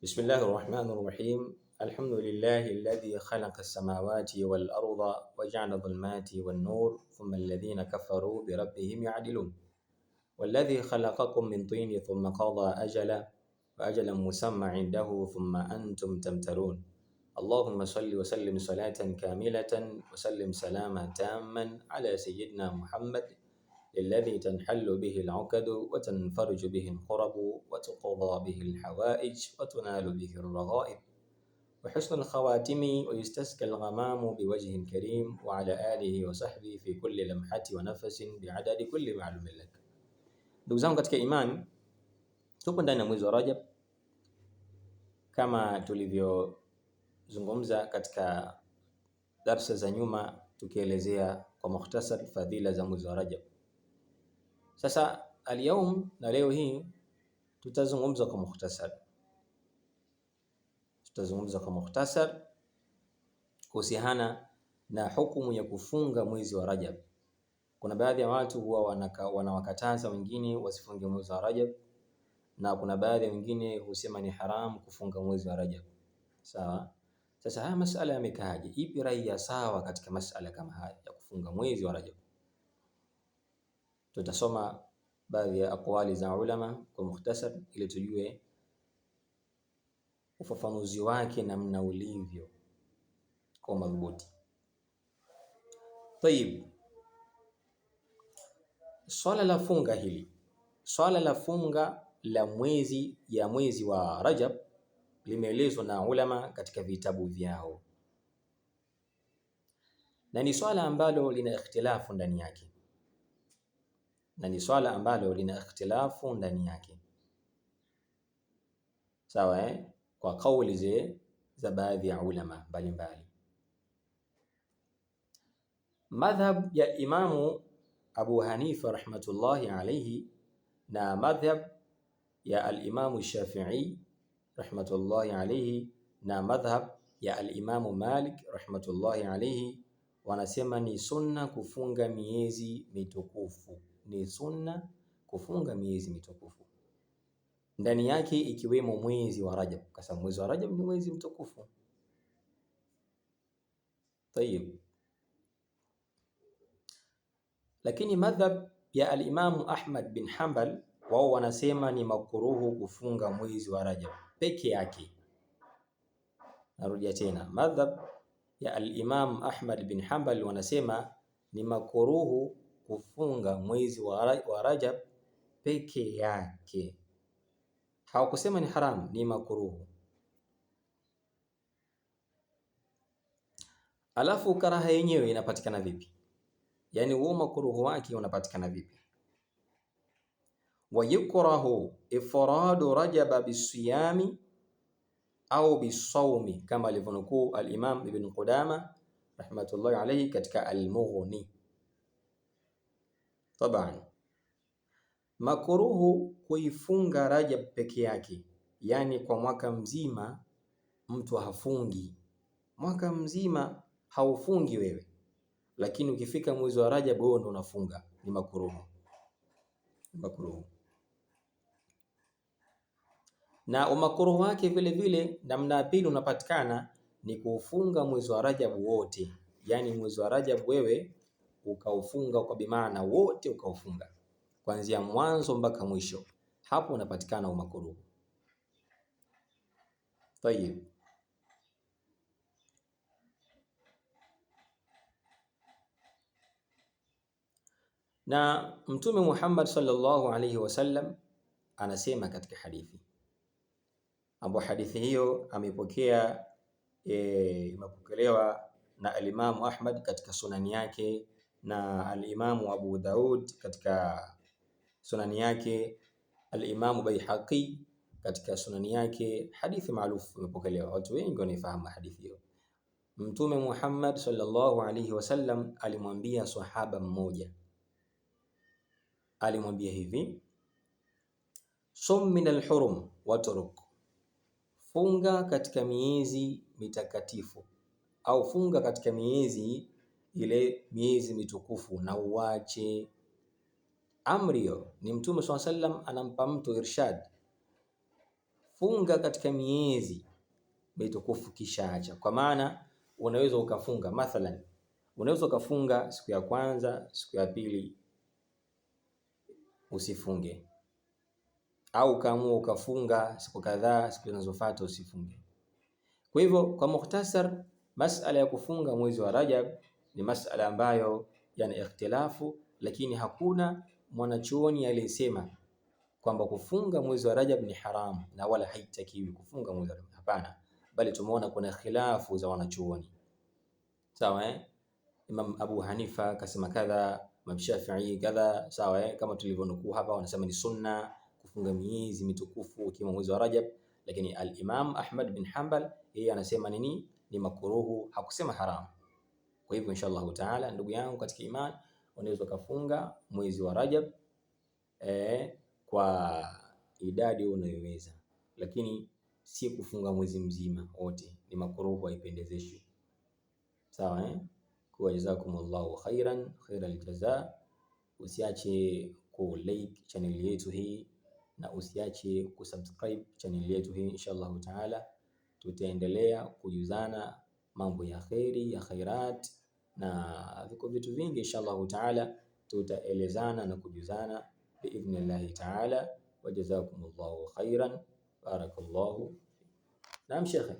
بسم الله الرحمن الرحيم الحمد لله الذي خلق السماوات والأرض وجعل الظلمات والنور ثم الذين كفروا بربهم يعدلون والذي خلقكم من طين ثم قضى أجلا وأجلا مسمى عنده ثم أنتم تمترون اللهم صل وسلم صلاة كاملة وسلم سلاما تاما على سيدنا محمد الذي تنحل به العقد وتنفرج به القرب وتقضى به الحوائج وتنال به الرغائب وحسن الخواتم ويستسكى الغمام بوجه كريم وعلى آله وصحبه في كل لمحة ونفس بعدد كل معلوم لك دوزان قد كإيمان تقول دانا ndani رجب كما wa Rajab قد tulivyozungumza زنيوما darsa ومختصر فذيلة tukielezea رجب Sasa alyaum na leo hii tutazungumza kwa mukhtasar, tutazungumza kwa mukhtasar kuhusiana na hukumu ya kufunga mwezi wa Rajab. Kuna baadhi ya watu huwa wanaka, wanawakataza wengine wasifunge mwezi wa Rajab, na kuna baadhi ya wengine husema ni haramu kufunga mwezi wa Rajab. Sawa. Sasa haya masala yamekaaje? Ipi rai ya sawa katika masala kama haya ya kufunga mwezi wa Rajab? Tutasoma baadhi ya aqwali za ulama kwa mukhtasar, ili tujue ufafanuzi wake namna ulivyo kwa madhubuti. Tayib, swala la funga hili, swala la funga la mwezi ya mwezi wa Rajab limeelezwa na ulama katika vitabu vyao, na ni swala ambalo lina ikhtilafu ndani yake na ni swala ambalo lina ikhtilafu ndani yake, sawa eh? Kwa kauli ze za baadhi ya ulama mbalimbali. Madhhab ya Imamu Abu Hanifa rahmatullahi alayhi na madhhab ya al-Imamu Shafi'i rahmatullahi alayhi na madhhab ya al-Imamu Malik rahmatullahi alayhi wanasema ni sunna kufunga miezi mitukufu ni sunna kufunga miezi mitukufu, ndani yake ikiwemo mwezi wa Rajab, kwa sababu mwezi wa Rajab ni mwezi mtukufu. Tayib. Lakini madhhab ya alimamu Ahmad bin Hanbal wao wanasema ni makuruhu kufunga mwezi wa Rajab peke yake. Narudia tena, madhhab ya alimamu Ahmad bin Hanbal wanasema ni makuruhu kufunga mwezi wa Rajab peke yake. Hawakusema ni haramu, ni makruhu Alafu karaha yenyewe inapatikana vipi? Yaani huo makuruhu wake unapatikana vipi? yukrahu ifradu rajaba bisiyami au bisaumi, kama alivyonukuu al-Imam Ibn Qudama rahmatullahi alayhi katika Al-Mughni. Taban, makuruhu kuifunga Rajab peke yake, yaani kwa mwaka mzima mtu hafungi, mwaka mzima haufungi wewe, lakini ukifika mwezi wa Rajab wewe ndo unafunga, ni makuruhu makuruhu na umakuruhu wake vile vile, namna ya pili unapatikana ni kuufunga mwezi wa Rajab wote, yaani mwezi wa Rajab wewe ukaufunga kwa bimaana wote ukaufunga kuanzia mwanzo mpaka mwisho, hapo unapatikana umakuruhu. Tayib, na Mtume Muhammad sallallahu alaihi wasallam anasema katika hadithi ambapo hadithi hiyo ameipokea eh, imepokelewa na Alimamu Ahmad katika sunani yake na alimamu Abu Daud katika sunani yake, alimamu Baihaqi katika sunani yake. Hadithi maarufu imepokelewa, watu wengi wanaifahamu hadithi hiyo. Mtume Muhammad sallallahu alaihi wasallam alimwambia sahaba mmoja, alimwambia hivi sum min alhurum watruk, funga katika miezi mitakatifu au funga katika miezi ile miezi mitukufu na uwache amrio. Ni Mtume swalla sallam anampa mtu irshad, funga katika miezi mitukufu kisha acha. Kwa maana unaweza ukafunga mathalan, unaweza ukafunga siku ya kwanza, siku ya pili usifunge, au ukaamua ukafunga siku kadhaa, siku zinazofuata usifunge. Kwa hivyo, kwa mukhtasar, masala ya kufunga mwezi wa Rajab ni masala ambayo yana ikhtilafu, lakini hakuna mwanachuoni aliyesema kwamba kufunga mwezi wa Rajab ni haramu na wala haitakiwi kufunga mwezi wa Rajab. Hapana, bali tumeona kuna khilafu za wanachuoni sawa, eh? Imam Abu Hanifa kasema kadha, Imam Shafi'i kadha, sawa eh? Kama tulivyonukuu hapa, wanasema ni sunna kufunga miezi mitukufu kama mwezi wa Rajab, lakini al-Imam Ahmad bin Hanbal yeye anasema nini? Ni makuruhu, hakusema haramu. Kwa hivyo inshallah taala, ndugu yangu katika imani, unaweza ukafunga mwezi wa Rajab eh, kwa idadi unayoweza, lakini si kufunga mwezi mzima wote, ni makuruhu, haipendezeshwi. Sawa eh? Kwa jazakumullahu khairan khairal jaza. Usiache ku like channel yetu hii na usiache kusubscribe channel yetu hii inshallah taala, tutaendelea kujuzana mambo ya kheri ya khairat na viko vitu vingi inshallah taala tutaelezana na kujuzana biidhnillahi taala. Wajazakumullahu khairan, barakallahu. Naam shekhe.